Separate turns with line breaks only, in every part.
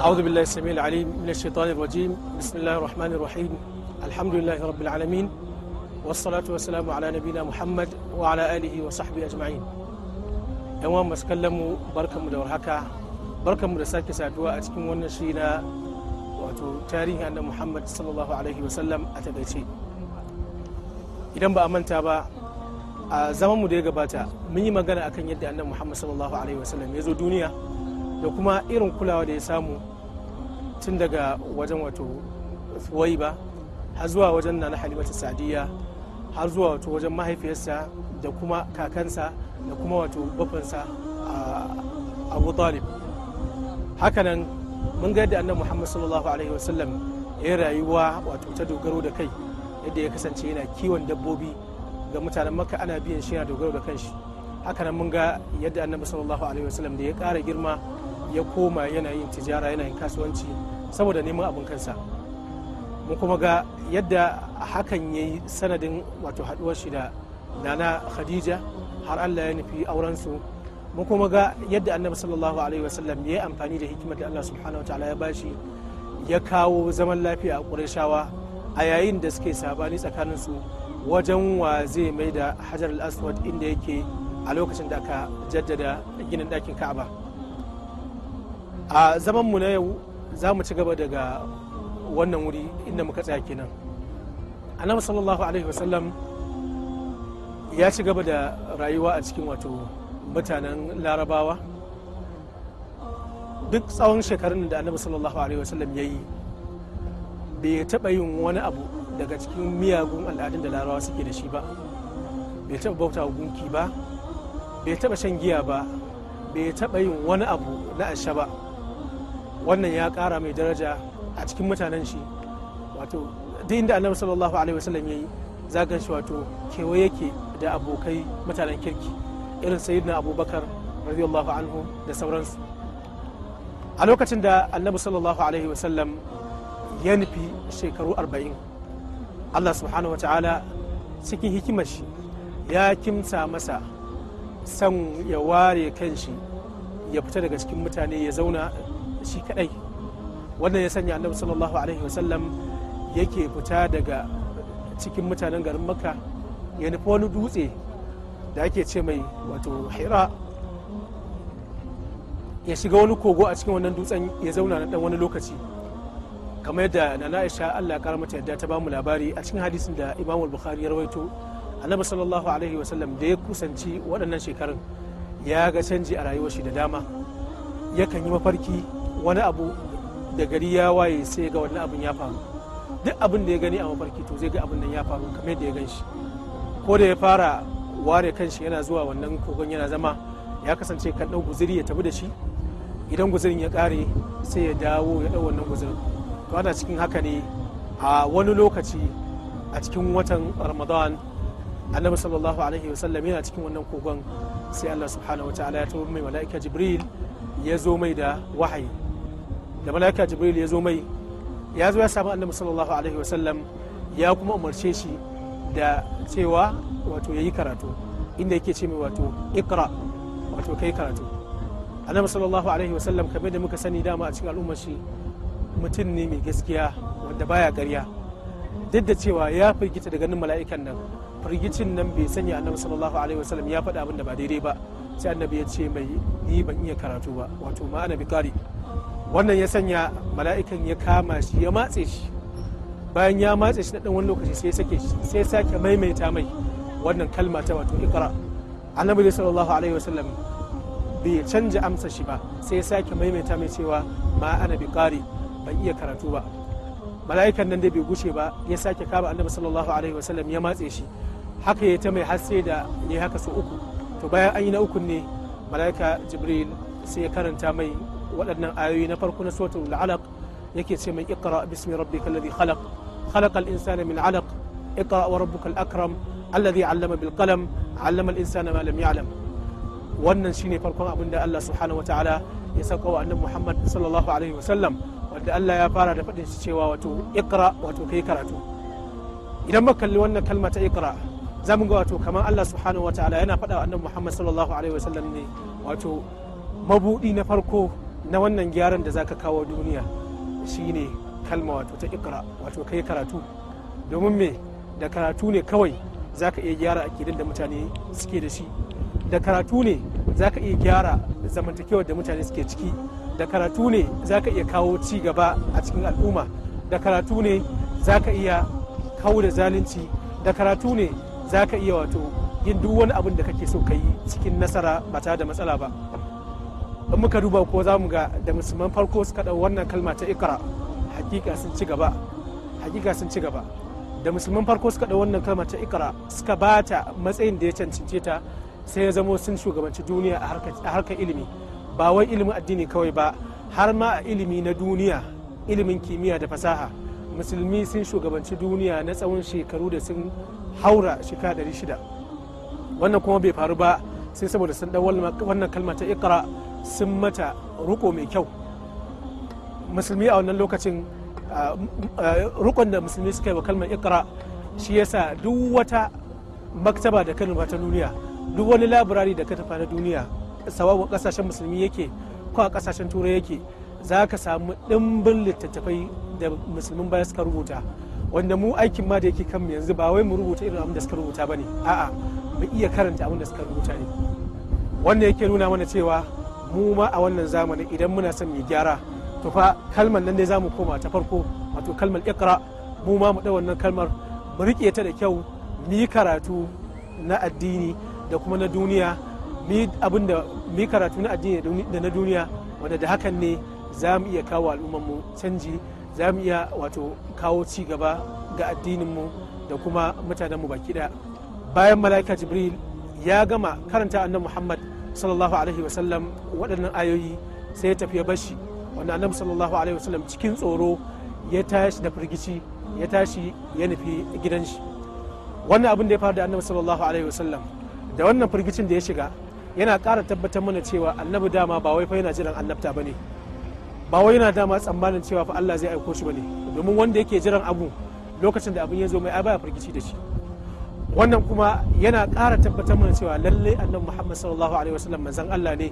أعوذ بالله السميع العليم من الشيطان الرجيم بسم الله الرحمن الرحيم الحمد لله رب العالمين والصلاة والسلام على نبينا محمد وعلى آله وصحبه أجمعين yan masu kallon mu barkanmu da warhaka barkanmu da sake saduwa a cikin wannan shi na wato tarihin annabi Muhammad sallallahu alaihi wasallam idan ba a manta ba a zaman mu da ya gabata mun yi magana akan yadda annabi Muhammad ya zo duniya da kuma irin kulawa da ya samu tun daga wajen wato wai ba har zuwa wajen nana halimatu sadiya har zuwa wato wajen mahaifiyarsa da kuma kakansa da kuma wato bafansa a abu talib hakanan mun ga yadda annabi muhammad sallallahu alaihi wasallam ya rayuwa wato ta dogaro da kai yadda ya kasance yana kiwon dabbobi ga mutanen makka ana biyan shi yana dogaro da kanshi hakanan mun ga yadda annabi sallallahu alaihi wasallam da ya kara girma ya koma yana yin tijara yana yin kasuwanci saboda neman abin kansa mun kuma ga yadda hakan ya yi sanadin wato haɗuwar shi da nana khadija har allah ya nufi aurensu mun kuma ga yadda annabi sallallahu alaihi wasallam ya yi amfani da hikimar da allah subhanahu wa ta'ala ya bashi ya kawo zaman lafiya a ƙurashawa a yayin da suke sabani su wajen wa zai mai da hajar al-aswad inda yake a lokacin da aka jaddada ginin ɗakin ka'aba a zaman mu na yau za mu ci gaba daga wannan wuri inda muka tsaya kenan annabi sallallahu alaihi wasallam ya ci gaba da rayuwa a cikin wato mutanen larabawa duk tsawon shekarun da annabi sallallahu alaihi wasallam ya yi bai taɓa yin wani abu daga cikin miyagun al'adun da larabawa suke da shi ba bai taɓa bauta gunki ba bai taɓa shan giya ba bai taɓa yin wani abu na asha ba wannan ya kara mai daraja a cikin mutanen shi wato duk inda annabi sallallahu alaihi wasallam yayi zagan shi wato kewaye yake da abokai mutanen kirki irin sayyidina abubakar radiyallahu anhu da sauransu a lokacin da annabi sallallahu alaihi wasallam ya nufi shekaru arba'in allah subhanahu ta'ala cikin hikimar shi ya kimsa masa san ya ware kanshi ya fita daga cikin mutane ya zauna shi kadai wannan ya sanya annabi sallallahu alaihi wasallam yake fita daga cikin mutanen garin makka ya nufi wani dutse da ake ce mai wato hira ya shiga wani kogo a cikin wannan dutsen ya zauna na dan wani lokaci kamar yadda nana aisha allah ya mata yadda ta bamu labari a cikin hadisin da imam bukhari ya rawaito annabi sallallahu alaihi wasallam da ya kusanci waɗannan shekarun ya ga canji a rayuwar shi da dama yakan yi mafarki wani abu da gari ya waye sai ga wani abin ya faru duk abin da ya gani a mafarki to zai ga abin nan ya faru kamar yadda ya gan shi ko da ya fara ware kanshi yana zuwa wannan kogon yana zama ya kasance kan ɗau guziri ya tafi da shi idan guzirin ya kare sai ya dawo ya ɗau wannan guzirin to ana cikin haka ne a wani lokaci a cikin watan ramadan annabi sallallahu alaihi wasallam yana cikin wannan kogon sai allah subhanahu wa ta'ala ya taɓa mai mala'ika jibril ya zo mai da wahayi da malaika jibril ya zo mai ya zo ya samu annabi sallallahu alaihi wasallam ya kuma umarce shi da cewa wato ya yi karatu inda yake ce mai wato ikra wato kai karatu annabi sallallahu alaihi wasallam kamar da muka sani dama a cikin al'ummar shi mutum ne mai gaskiya wanda baya gariya duk da cewa ya firgita da ganin mala'ikan nan firgicin nan bai sanya annabi sallallahu alaihi wasallam ya faɗa abin da ba daidai ba sai annabi ya ce mai ni ban iya karatu ba wato ma'ana bikari wannan ya sanya mala'ikan ya kama shi ya matse shi bayan ya matse shi na ɗan wani lokaci sai sake shi sai sake maimaita mai wannan kalma ta wato ikra annabi sallallahu alaihi wasallam bai canja amsa shi ba sai ya sake maimaita mai cewa ma ana bi ƙari ban iya karatu ba mala'ikan nan dai bai gushe ba ya sake kama annabi sallallahu alaihi wasallam ya matse shi haka ya ta mai hasse da ya haka su uku to bayan an yi na uku ne mala'ika jibril sai ya karanta mai waɗannan ayoyi na farko na suratul alaq yake ce mai iqra bismi rabbikal ladhi khalaq khalaqal insana min alaq ikra wa rabbukal akram alladhi 'allama bil qalam 'allama al insana ma lam ya'lam wannan shine farkon abin da Allah subhanahu wataala ya sauka wa annabi Muhammad sallallahu alaihi wasallam wanda Allah ya fara da faɗin shi cewa wato ikra wato kai karatu idan muka kalli wannan kalma ta ikra za ga wato kamar Allah subhanahu ta'ala yana faɗa wa annabi Muhammad sallallahu alaihi wasallam ne wato mabudi na farko na wannan gyaran da zaka kawo duniya shine kalma wato ta ikra wato kai karatu domin me da karatu ne kawai zaka iya gyara akidan da mutane suke da shi da karatu ne zaka iya gyara zamantakewar da mutane suke ciki da karatu ne zaka iya kawo ci gaba a cikin al'umma da karatu ne zaka iya kawo da zalunci da karatu ne zaka iya wato yin duk wani abin da kake so ka cikin nasara ba tare da matsala ba in muka duba ko za mu ga da musulman farko suka ɗau wannan kalma ta ikra hakika sun ci gaba hakika sun ci gaba da musulman farko suka ɗau wannan kalma ta ikra suka ba ta matsayin da ya cancance ta sai ya zamo sun shugabanci duniya a harkar ilimi ba wai ilimin addini kawai ba har ma a ilimi na duniya ilimin kimiyya da fasaha musulmi sun shugabanci duniya na tsawon shekaru da sun haura shekara 600 wannan kuma bai faru ba sai saboda sun ɗau wannan kalma ta ikra sun mata ruko mai kyau musulmi a wannan lokacin rukon da musulmi suka yi wa kalmar ikra shi yasa duk wata maktaba da ka ta duniya duk wani labirari da ka tafa na duniya sawabin kasashen musulmi yake ko a kasashen turai yake za ka samu ɗimbin littattafai da musulmin baya suka rubuta wanda mu aikin ma da yake kan mu yanzu ba wai mu rubuta irin abin da suka rubuta bane a'a mu iya karanta abin da suka rubuta ne wanda yake nuna mana cewa mu ma a wannan zamanin idan muna son mu gyara to fa kalmar nan ne za mu koma ta farko wato kalmar ikra mu ma mu da wannan kalmar mu riƙe ta da kyau mu yi karatu na addini da kuma na duniya mu abin da mu karatu na addini da na duniya wanda da hakan ne za mu iya kawo al'ummar mu canji za mu iya wato kawo ci gaba ga addinin mu da kuma mutanen mu baki ɗaya bayan mala'ika jibril ya gama karanta annabi muhammad sallallahu alaihi wasallam waɗannan ayoyi sai ya tafi ya bashi wanda annabi sallallahu alaihi wasallam cikin tsoro ya tashi da firgici ya tashi ya nufi gidan shi wannan abin da ya faru da annabi sallallahu alaihi wasallam da wannan firgicin da ya shiga yana ƙara tabbatar mana cewa annabi dama ba wai fa yana jiran annabta bane ba wai yana dama tsammanin cewa fa Allah zai aiko shi bane domin wanda yake jiran abu lokacin da abin ya zo mai a baya firgici da shi wannan kuma yana ƙara tabbatar mana cewa lallai annabi muhammad sallallahu alaihi wasallam manzon allah ne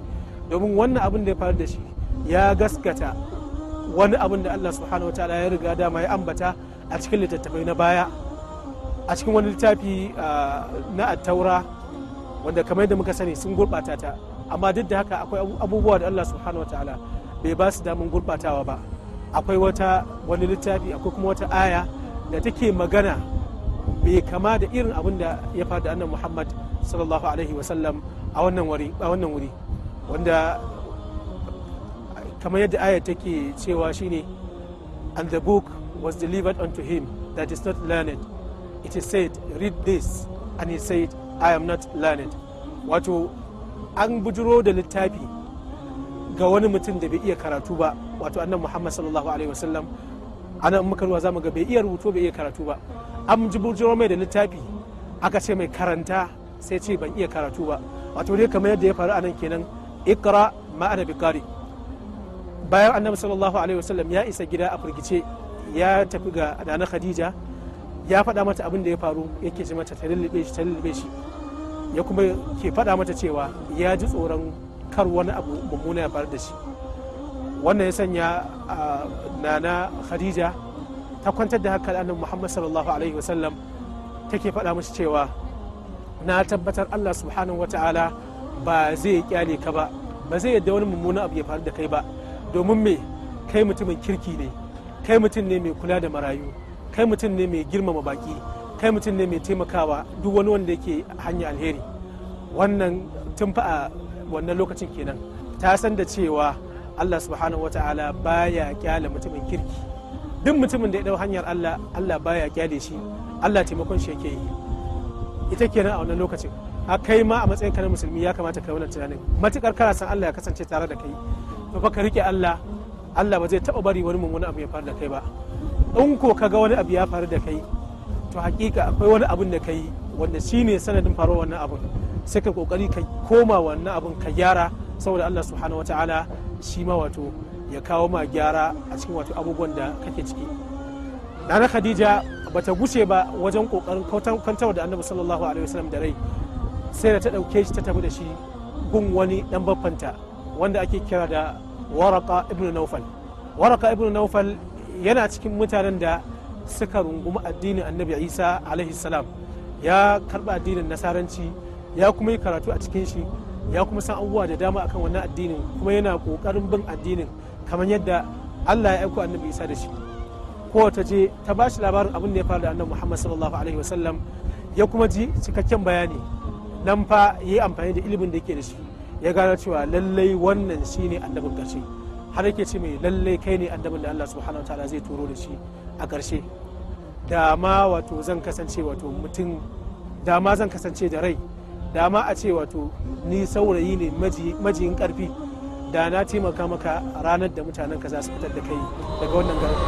domin wannan abin da ya faru da shi ya gaskata wani abin da allah subhanahu wataala ya riga dama ya ambata a cikin littattafai na baya a cikin wani littafi ah, na attaura wanda kamar yadda muka sani sun gurbata ta amma duk da haka akwai abubuwa da allah subhanahu wataala bai ba su damun gurɓatawa ba akwai wata wani littafi akwai kuma wata aya da take magana mai kama da irin abin da ya da annan muhammad sallallahu alaihi wasallam a wannan wuri wanda kamar yadda ayat take cewa shine and the book was delivered unto him that is not learned it is said read this and he said i am not learned wato an bujuro da littafi ga wani mutum da bai iya karatu ba wato annan muhammad sallallahu alaihi wasallam ana makarwa za mu ga bai iya rubutu bai iya karatu ba an ji bujiro mai da littafi aka ce mai karanta sai ce ban iya karatu ba wato dai kamar yadda ya faru a nan kenan ikra ma'ana bikari bayan annabi sallallahu alaihi wasallam ya isa gida a firgice ya tafi ga dana khadija ya faɗa mata abin da ya faru yake ji mata ta shi shi ya kuma ke faɗa mata cewa ya ji tsoron kar wani abu mummuna ya faru da shi wannan ya sanya ah, nana khadija ta kwantar da haka annabi muhammad sallallahu alaihi wasallam take faɗa musu cewa na tabbatar allah subhanahu ta'ala ba zai kyale ka ba ba zai yadda wani mummunan abu ya faru da kai ba domin me kai mutumin kirki ne kai mutum ne mai kula da marayu kai mutum ne mai girmama baki kai mutum ne mai taimakawa duk wani wanda yake hanya alheri wannan tun fa a wannan lokacin kenan ta san da cewa allah subhanahu ta'ala baya kyale mutumin kirki duk mutumin da ya dau hanyar Allah Allah baya kyale shi Allah taimakon shi yake yi ita kenan a wannan lokacin a kai ma a matsayin ka na musulmi ya kamata kai wannan tunanin matukar kana san Allah ya kasance tare da kai to fa ka rike Allah Allah ba zai taba bari wani mummuna abu ya faru da kai ba in ko ka ga wani abu ya faru da kai to hakika akwai wani abun da kai wanda shine sanadin faruwar wannan abun sai ka kokari ka koma wannan abu ka gyara saboda Allah subhanahu wataala shi ma wato ya kawo ma gyara a cikin wato abubuwan da kake ciki nana khadija ba ta gushe ba wajen kokarin kwantar da annabi sallallahu alaihi wasallam da rai sai da ta ɗauke shi ta tafi da shi gun wani dan baffanta wanda ake kira da waraka ibn naufal waraka ibn naufal yana cikin mutanen da suka rungumi addinin annabi isa alaihi salam ya karba addinin nasaranci ya kuma yi karatu a cikin shi ya kuma san abubuwa da dama akan wannan addinin kuma yana kokarin bin addinin kamar yadda Allah ya aiko annabi Isa da shi ko ta je ta ba shi labarin abin da ya faru da annabi Muhammad sallallahu alaihi wasallam ya kuma ji cikakken bayani nan fa yi amfani da ilimin da yake da shi ya gano cewa lallai wannan shine annabin karshe har yake ce mai lallai kai ne annabin da Allah subhanahu wataala zai turo da shi a karshe dama wato zan kasance wato mutum dama zan kasance da rai dama a ce wato ni saurayi ne majiyin karfi da na taimaka maka ranar da mutanen ka za su fitar da kai daga wannan garin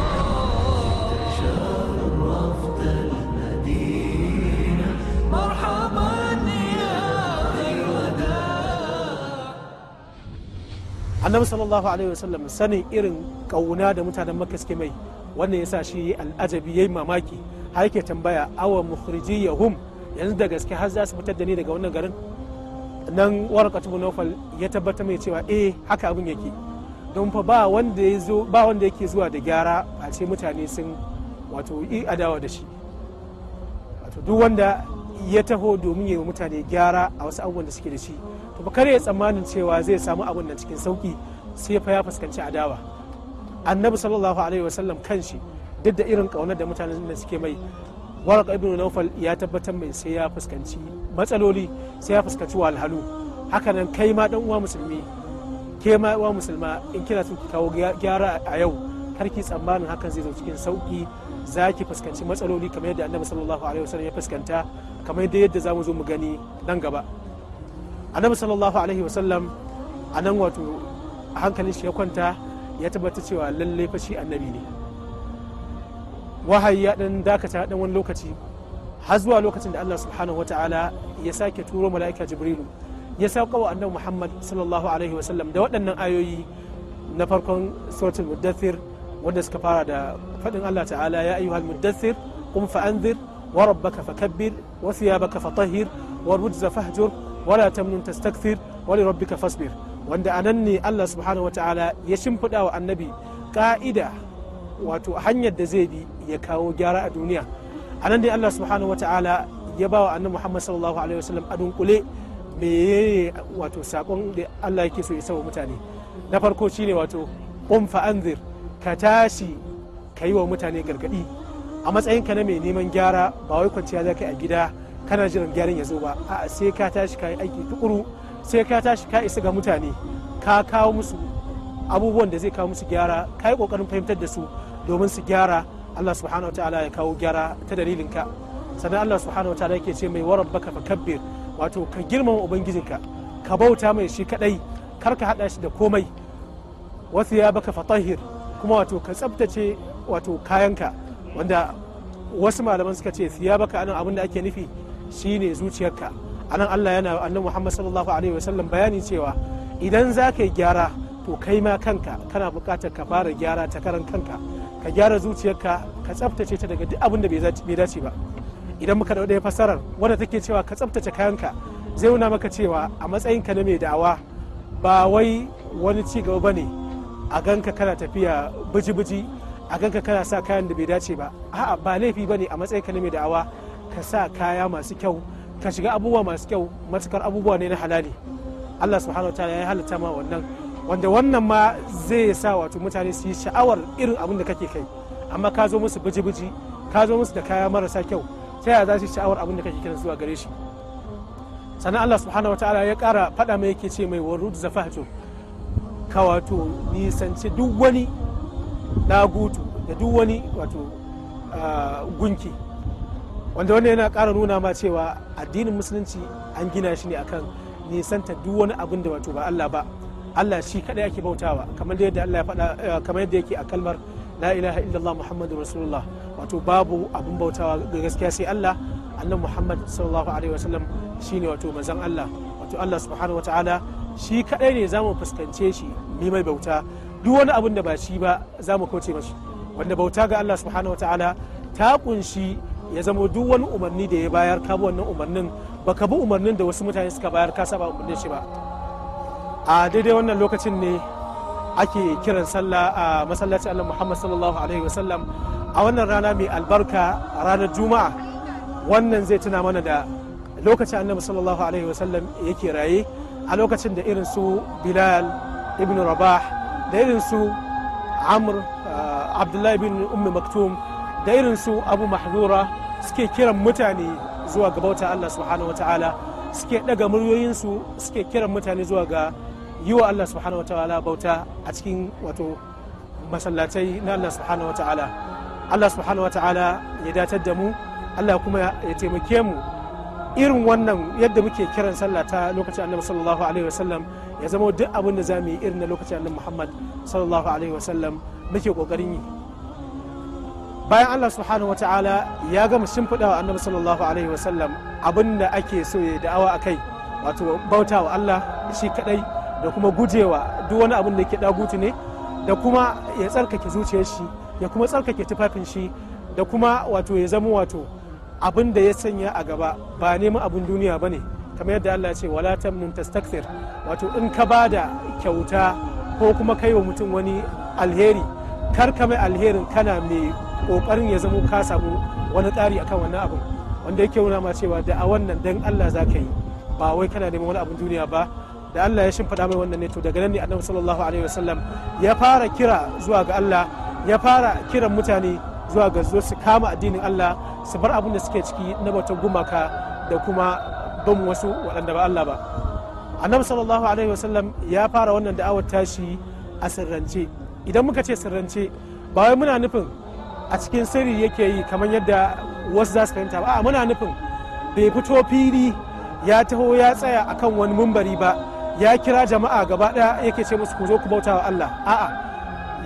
annabi sallallahu alaihi wasallam sanin irin kauna da mutanen makka suke mai wannan yasa shi al'ajabi yayi mamaki har yake tambaya awa mukhrijiyahum yanzu da gaske har za su fitar da ni daga wannan garin nan warqatu bin ya tabbatar mai cewa eh haka abin yake don fa ba wanda ya zo ba wanda yake zuwa da gyara a ce mutane sun wato yi adawa da shi wato duk wanda ya taho domin ya mutane gyara a wasu abubuwan da suke da shi to kar ya tsammanin cewa zai samu abin nan cikin sauki sai fa ya fuskanci adawa annabi sallallahu alaihi wasallam kanshi duk da irin kaunar da mutanen da suke mai waraka ibn naufal ya tabbatar mai sai ya fuskanci matsaloli sai ya fuskanci walhalu hakanan kai ma dan uwa musulmi ke ma uwa musulma in kina son ki kawo gyara a yau karki tsammanin hakan zai zo cikin sauki za ki fuskanci matsaloli kamar yadda annabi sallallahu alaihi wasallam ya fuskanta kamar yadda yadda zamu zo mu gani nan gaba annabi sallallahu alaihi wasallam a nan wato hankalin shi ya kwanta ya tabbata cewa lallai fa shi annabi ne wahayi ya dan dakata dan wani lokaci har zuwa lokacin da Allah subhanahu wataala ya sake turo mala'ika jibrilu ya sauka wa annabi Muhammad sallallahu alaihi sallam da waɗannan ayoyi na farkon suratul muddathir wanda suka fara da faɗin Allah ta'ala ya ayyuhal muddathir qum fa'anzir wa rabbaka fakabbir wa thiyabaka fatahhir wa rujza fahjur wa la tamnun tastakthir wa li rabbika fasbir wanda anan ne Allah subhanahu wataala ya shimfiɗa wa annabi ka'ida wato hanyar da zai bi ya kawo gyara a duniya a nan dai Allah subhanahu wa ta'ala ya ba wa annan Muhammad sallallahu alaihi wasallam a dunkule meye wato sakon da Allah yake so ya wa mutane na farko shine wato qum fa anzir ka tashi ka yi wa mutane gargadi a matsayin ka na mai neman gyara ba wai kwanciya za ka a gida kana jiran gyaran ya zo ba a sai ka tashi ka yi aiki tukuru sai ka tashi ka isa ga mutane ka kawo musu abubuwan da zai kawo musu gyara ka yi kokarin fahimtar da su domin su gyara Allah subhanahu wa ta'ala ya kawo gyara ta dalilin ka sannan Allah subhanahu wa ta'ala yake ce mai warar baka fakabbir wato ka girmama ubangijinka ka bauta mai shi kadai kar ka hada shi da komai wasu ya baka fatahir kuma wato ka tsabtace wato kayanka wanda wasu malaman suka ce siya baka anan abin da ake nufi shine zuciyarka anan Allah yana annabi Muhammad sallallahu alaihi wasallam bayani cewa idan za ka yi gyara to kai ma kanka kana buƙatar ka fara gyara ta karan kanka ka gyara zuciyarka ka tsaftace ta daga duk abin da bai dace ba idan muka da fasarar wadda take cewa ka tsaftace kayanka zai nuna maka cewa a matsayinka na mai da'awa ba wai wani ci gaba bane a ganka kana tafiya biji-biji a ganka kana sa kayan da bai dace ba a'a ba laifi bane a matsayinka na mai da'awa ka sa kaya masu kyau ka shiga abubuwa masu kyau matukar abubuwa ne na halali Allah subhanahu wa ta'ala ya halatta ma wannan wanda wannan ma zai sa wato mutane su yi sha'awar irin abin da kake kai amma ka zo musu biji-biji ka zo musu da kaya marasa kyau ta yaya za su yi sha'awar abin da kake kiran zuwa gare shi sannan Allah subhanahu wataala ya kara faɗa mai yake ce mai warud zafatu ka wato nisanci duk wani nagutu da duk wani wato gunki wanda wannan yana ƙara nuna ma cewa addinin musulunci an gina shi ne akan nisanta duk wani abin da wato ba Allah ba Allah shi kadai ake bautawa kamar yadda Allah ya faɗa eh, kamar yadda yake a kalmar la ilaha illallah muhammadur rasulullah wato babu abin bautawa ga gaskiya sai Allah annan muhammad sallallahu alaihi wasallam shine wato manzon Allah wato Allah subhanahu wataala shi kadai ne zamu fuskance shi mi mai bauta duk wani abin da ba shi ba zamu kauce mashi wanda bauta ga Allah subhanahu wataala ta kunshi ya zama duk wani umarni da ya bayar ka bi wannan umarnin baka bi umarnin da wasu mutane suka bayar ka saba umarnin shi ba a daidai wannan lokacin ne ake kiran sallah a masallacin Allah Muhammad sallallahu alaihi wasallam a wannan rana mai albarka ranar juma'a wannan zai tuna mana da lokacin annabi sallallahu alaihi wasallam yake raye a lokacin da irin su bilal ibn rabah da irin su amr uh, abdullahi bin ummi maktum da irin su abu mahzura suke kiran mutane zuwa ga bauta Allah subhanahu wataala suke daga muryoyinsu suke kiran mutane zuwa ga yi wa Allah subhanahu wa ta'ala bauta a cikin wato masallatai na Allah subhanahu wa ta'ala Allah subhanahu wa ta'ala ya datar da mu Allah kuma ya taimake mu irin wannan yadda muke kiran sallah ta lokacin annabi sallallahu alaihi wasallam ya zama duk abin da zamu yi irin na lokacin annabi Muhammad sallallahu alaihi wasallam muke kokarin yi bayan Allah subhanahu wa ta'ala ya gama shimfiɗa wa annabi sallallahu alaihi wasallam abin da ake so ya da'awa akai wato bauta wa Allah shi kadai da kuma gujewa duk wani abin da ke dagutu ne da kuma ya tsarkake zuciyar shi ya kuma tsarkake tufafin shi da kuma wato ya zama wato abin da ya sanya a gaba ba neman abin duniya ba ne kamar yadda Allah ce wala min tastakthir wato in ka ba da kyauta ko kuma kai wa mutum wani alheri kar ka mai alherin kana mai kokarin ya zama ka samu wani tsari akan wannan abin wanda yake nuna ma cewa da a wannan dan Allah za ka yi ba wai kana neman wani abin duniya ba da Allah ya shimfiɗa mai wannan ne to daga nan ne annabi sallallahu alaihi wasallam ya fara kira zuwa ga Allah ya fara kiran mutane zuwa ga zo su kama addinin Allah su bar abin da suke ciki na bautar gumaka da kuma ban wasu waɗanda ba Allah ba annabi sallallahu alaihi wasallam ya fara wannan da'awar tashi a sirrance idan muka ce sirrance ba wai muna nufin a cikin sirri yake yi kamar yadda wasu za su fahimta ba a muna nufin bai fito fili ya taho ya tsaya akan wani mumbari ba ya kira jama'a gaba ɗaya yake ce musu ku zo ku bauta wa Allah a'a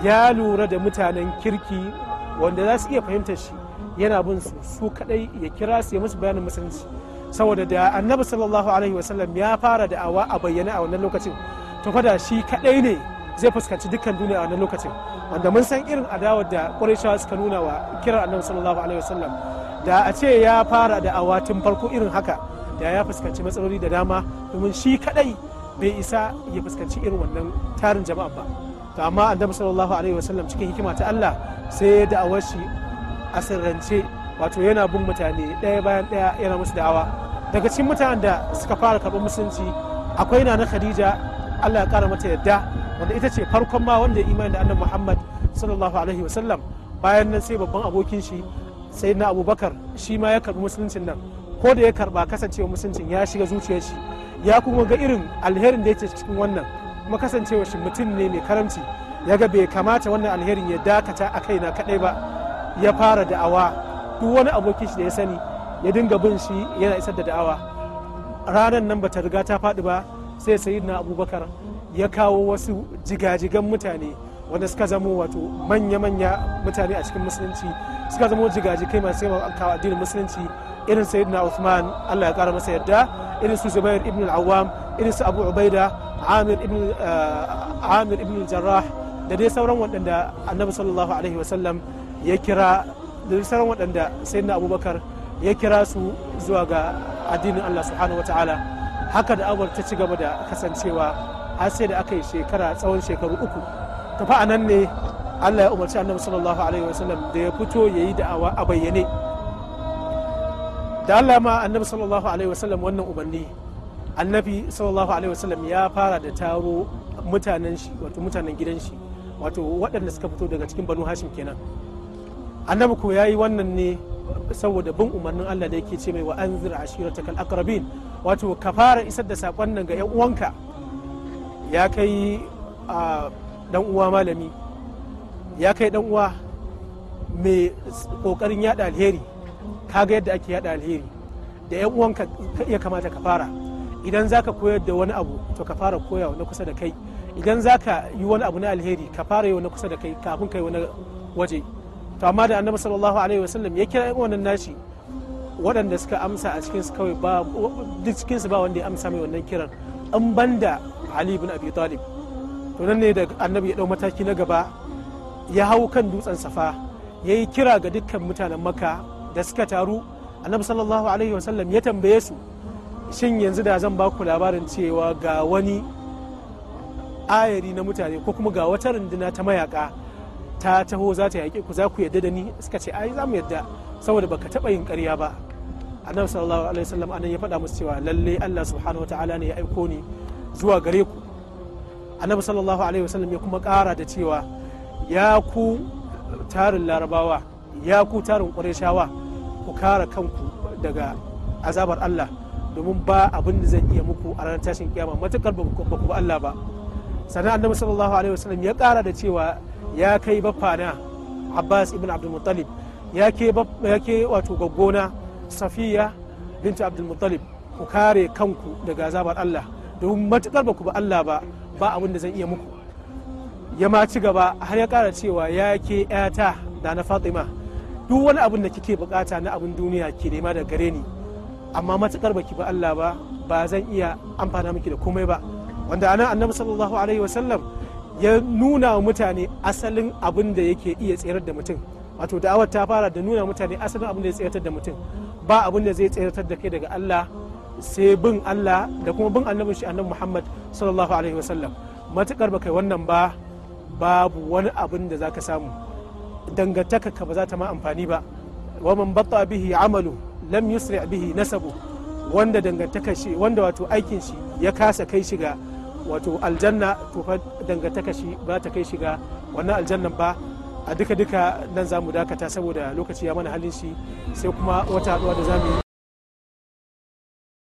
ya lura da mutanen kirki wanda za su iya fahimtar shi yana bin su su kadai ya kira su ya musu bayanin musulunci saboda da annabi sallallahu alaihi wasallam ya fara da'awa a bayyana a wannan lokacin to fada shi kadai ne zai fuskanci dukkan duniya a wannan lokacin wanda mun san irin adawar da qurayshawa suka nuna wa kiran annabi sallallahu alaihi wasallam da a ce ya fara da'awa tun farko irin haka da ya fuskanci matsaloli da dama domin shi kadai bai isa ya fuskanci irin wannan tarin jama'a ba to amma annabi sallallahu alaihi wasallam cikin hikima ta Allah sai ya da'awar shi a sirrance wato yana bin mutane ɗaya bayan ɗaya yana musu da'awa daga cikin mutanen da suka fara karɓar musulunci akwai na Khadija Allah ya kara mata yadda wanda ita ce farkon ma wanda imani da annabi Muhammad sallallahu alaihi wasallam bayan nan sai babban abokin shi sai na abubakar shi ma ya karɓi musuluncin nan ko da ya karɓa kasancewa musuluncin ya shiga zuciyar shi ya kuma ga irin alherin da yake cikin wannan kuma kasancewa shi mutum ne mai karamci ya ga bai kamata wannan alherin ya dakata a kaina kadai ba ya fara da'awa duk wani abokin shi da ya sani ya dinga bin shi yana isar da da'awa ranar nan ba ta riga ta faɗi ba sai na abubakar ya kawo wasu jigajigan mutane wanda suka zamo wato manya-manya mutane a cikin musulunci suka zamo jigajikai masu yawan kawo addinin musulunci irin sayyidina Uthman Allah ya kara masa yarda irin su Zubair ibn al-Awwam irin su Abu Ubaida Amir ibn eh, Amir ibn Jarrah da dai sauran waɗanda Annabi sallallahu alaihi wasallam ya kira da sauran waɗanda sayyidina Abubakar ya kira su zuwa ga addinin Allah subhanahu wataala haka da awar ta ci gaba da kasancewa har sai da aka yi shekara tsawon shekaru uku fa anan ne Allah ya umarci Annabi sallallahu alaihi wasallam da ya fito yayi da'awa a bayyane da Allah ma annabi sallallahu alaihi wasallam wannan ubanni annabi sallallahu alaihi wasallam ya fara da taro mutanen shi wato mutanen gidan shi wato waɗanda suka fito daga cikin banu hashim kenan annabi ko yayi wannan ne saboda bin umarnin Allah da yake ce mai wa anzir ashiratakal aqrabin wato ka fara isar da sakon nan ga yan uwanka ya kai dan uwa malami ya kai dan uwa mai kokarin yada alheri ka ga yadda ake yada alheri da yan uwanka iya kamata ka fara idan za ka koyar da wani abu to ka fara koya na kusa da kai idan za ka yi wani abu na alheri ka fara yi na kusa da kai kafin kai wani waje to amma da annabi sallallahu alaihi wasallam ya kira yan wannan nashi waɗanda suka amsa a cikinsu kawai ba duk su ba wanda ya amsa mai wannan kiran in banda ali ibn abi talib to nan ne da annabi ya dau mataki na gaba ya hau kan dutsen safa ya yi kira ga dukkan mutanen makka da suka taru annabi sallallahu alaihi wasallam ya tambaye su shin yanzu da zan baku labarin cewa ga wani ayari na mutane ko kuma ga wata runduna ta mayaka ta taho za ta yaƙe ku za ku yadda da ni suka ce ai za mu yadda saboda baka taɓa yin ƙarya ba annabi sallallahu alaihi wasallam anan ya faɗa musu cewa lalle Allah subhanahu wataala ne ya aiko ni zuwa gare ku annabi sallallahu alaihi wasallam ya kuma ƙara da cewa ya ku tarin larabawa ya ku tarin ƙurashawa ku kara kanku daga azabar Allah domin ba abin da zan iya muku a ranar tashin kiyama matukar ba ku ba Allah ba sannan annabi sallallahu alaihi wasallam ya kara da cewa ya kai na Abbas ibn Abdul Muttalib ya ke ya ke wato gaggona Safiya binta Abdul Muttalib ku kare kanku daga azabar Allah domin matukar ba ku ba Allah ba ba abin da zan iya muku ya ma ci gaba har ya kara cewa ya ke 'yata da na Fatima duk wani abin da kike bukata na abin duniya ke nema da gare ni amma matukar baki ba Allah ba ba zan iya amfana miki da komai ba wanda anan annabi sallallahu alaihi wasallam ya nuna wa mutane asalin abin da yake iya tsayar da mutum wato da'awar ta fara da nuna mutane asalin abin da ya tsayar da mutum ba abin da zai tsayar da kai daga Allah sai bin Allah da kuma bin annabin shi annabi Muhammad sallallahu alaihi wasallam matukar ba kai wannan ba babu wani abin da zaka samu dangantaka ka ba za ta ma amfani ba wa man batta bihi amalu lam yusri bihi nasabu wanda dangantaka shi wanda wato aikin shi ya kasa kai shi ga wato aljanna to fa dangantaka shi ba ta kai shiga ga wannan aljannan ba a duka-duka nan za mu dakata saboda lokaci ya mana halin shi sai kuma wata haduwa da zamu yi